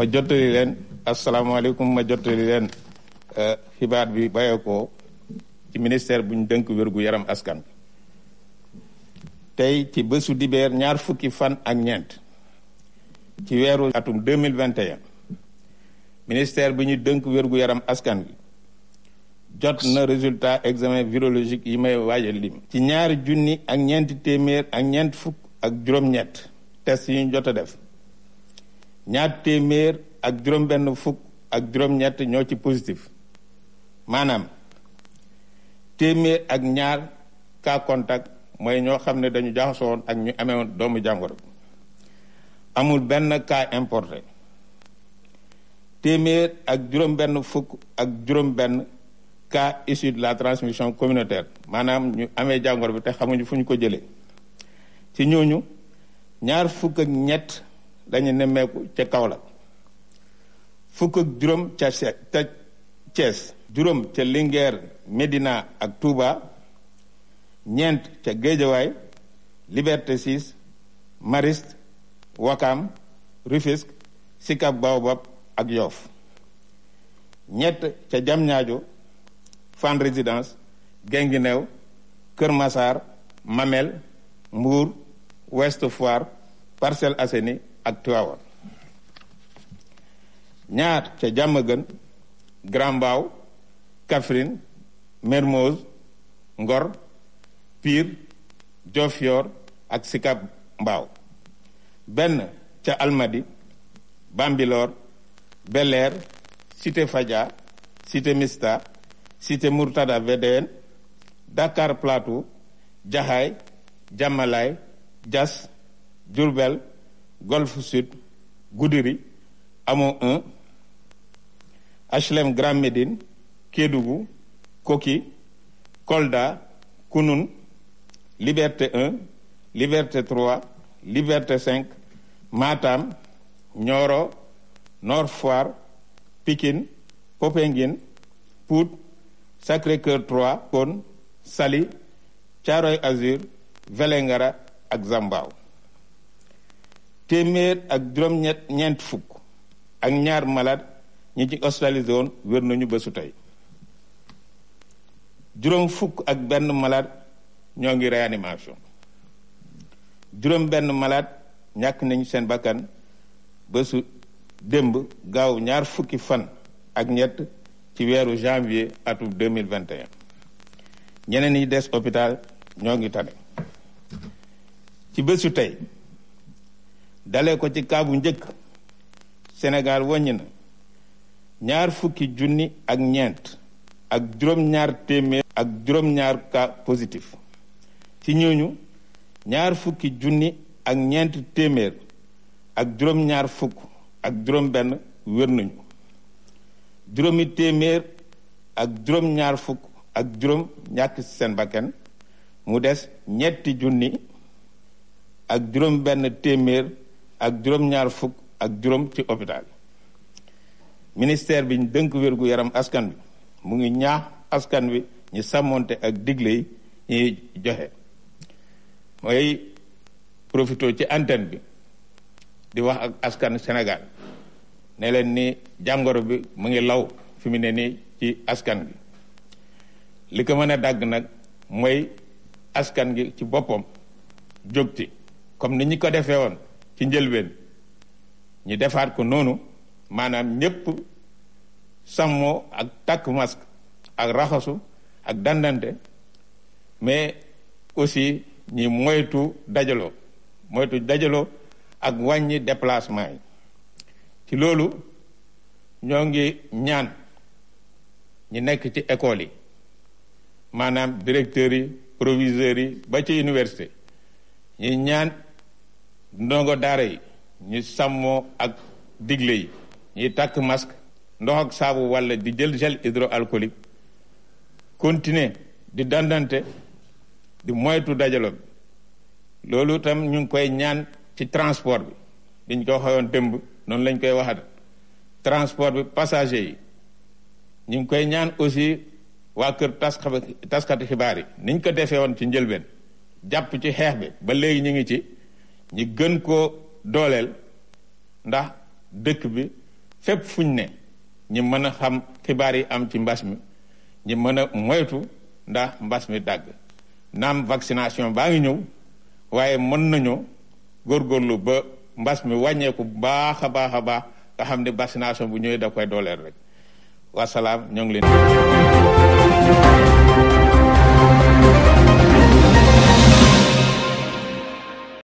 ma jottali leen asalaamaaleykum ma jottali leen eh, xibaar bi bàyyeekoo ci ministère bu dënk wérgu yaram askan bi tey ci bësu dibeer ñaar fukki fan ak ñeent ci weeru atum 2021 ministère bi ñu dënk wérgu yaram askan bi jot na résultat examen birologique yi may waaja lim ci ñaar junni ak ñeenti téeméer ak ñeent fukk ak juróom-ñett test yi ñu jot a def ñaar téeméer ak juróom-benn fukk ak juróom-ñett ñoo ci positif maanaam téeméer ak ñaar ka contact mooy ñoo xam ne dañu jaxasoon ak ñu amee doomu jàngoro amul benn ka importé téeméer ak juróom-benn fukk ak juróom-benn cas issu de la transmission communautaire maanaam ñu amee jàngoro bi te xamuñu fu ñu ko jëlee ci ñooñu ñaar fukk ak ñett. dañu nemmeeku ca Kaolack fukk juróom ca ca Thiès juróom ca Linguère Médina ak Touba ñeent ca Géejawaay Liberté 6 Mariste Wakam Rufisque Sicap Baobab ak yoof ñett ca Diamniadio Fann Résidence Guinguinéo Kër Massar Mamel Mbour Ouest Foire Parcelles Assainies ak Tiwaawan ñaar ca Diamaguène Grand Mbao Kaffrine Mermoz Ngor Pire Diofior ak Sicap Mbao benn ca Almadi Bambilor Bel Air Cité Fadia Cité Mista Cité Murtada VDN Dakar Plateau Jaxaay Jamalaay Diass Diourbel Golf Sud Goudiri Hamo 1 HLM Grand Médine Koki Kolda Kounoune Liberté 1 Liberté 3 Liberté 5 Matam Nioro Nord Foire Pikine Popenguine Pout Sacré-Cœur 3 Kon Saly Azur Vélingara ak Zambaaw téeméer ak juróom ñeent fukk ak ñaar malaat ñi ci hospitalisé woon wér nañu bésu tey juróom fukk ak benn malade ñoo ngi réanimation juróom benn malade ñàkk nañu seen bakkan bésu démb gaaw ñaar fukki fan ak ñett ci weeru janvier atum 2021 ñeneen yi des hôpital ñoo ngi tane ci bésu tey dale ko ci kaabu njëkk Sénégal wàññi na ñaar fukki junni ak ñeent ak juróom-ñaar téeméer ak positif ci ñooñu ñaar fukki junni ak ñeent téeméer ak juróom-ñaar fukk ak juróom-benn wér nañu juróomi téeméer ak juróom-ñaar fukk ak juróom ñàkk seen mu des ñetti junni ak juróom-benn téeméer ak juróom-ñaar fukk ak juróom ci hôpital ministère bi ñu dënk wérgu yaram askan bi mu ngi ñaax askan wi ñu sàmmoonte ak digle yi joxe mooy profito ci antenne bi di wax ak askan senegal ne leen ni jàngoro bi mu ngi law fi mu ne nii ci askan bi li ko mën a dàgg nag mooy askan gi ci boppam jóg ci comme ni ñu ko defee woon ci njëlbeen ñi defaat ko noonu maanaam ñépp sàmmoo ak takk masque ak raxasu ak dandante mais aussi ñi moytu dajaloo moytu dajaloo ak wàññi déplacement yi ci loolu ñoo ngi ñaan ñi nekk ci école yi maanaam directeurs yi proviseurs yi ba ci université ñi ñaan ndongo daara yi ñu sàmmoo ak digle yi ñuy takk mask ndox ak saabu walla di jël gel hydroalcoolique continuer di dandante di moytu dajaloo bi loolu itam ñu ngi koy ñaan ci transport bi biñ ko waxoon démb noonu lañ koy waxat transport bi passager yi ñu ngi koy ñaan aussi waa kër taskati xibaar yi niñ ko defee woon ci njëlbeen jàpp ci xeex bi ba léegi ñu ngi ci ñi gën koo dooleel ndax dëkk bi fépp fuñ ne ñi mën a xam xibaar yi am ci mbas mi ñi mën a moytu ndax mbas mi dàgg naam vaccination baa ngi ñëw waaye mën nañoo góorgóorlu ba mbas mi wàññeeku baax a baax a baax nga xam ne vaccination bu ñëwee da koy dooleel rek wasalaam ñoo ngi leen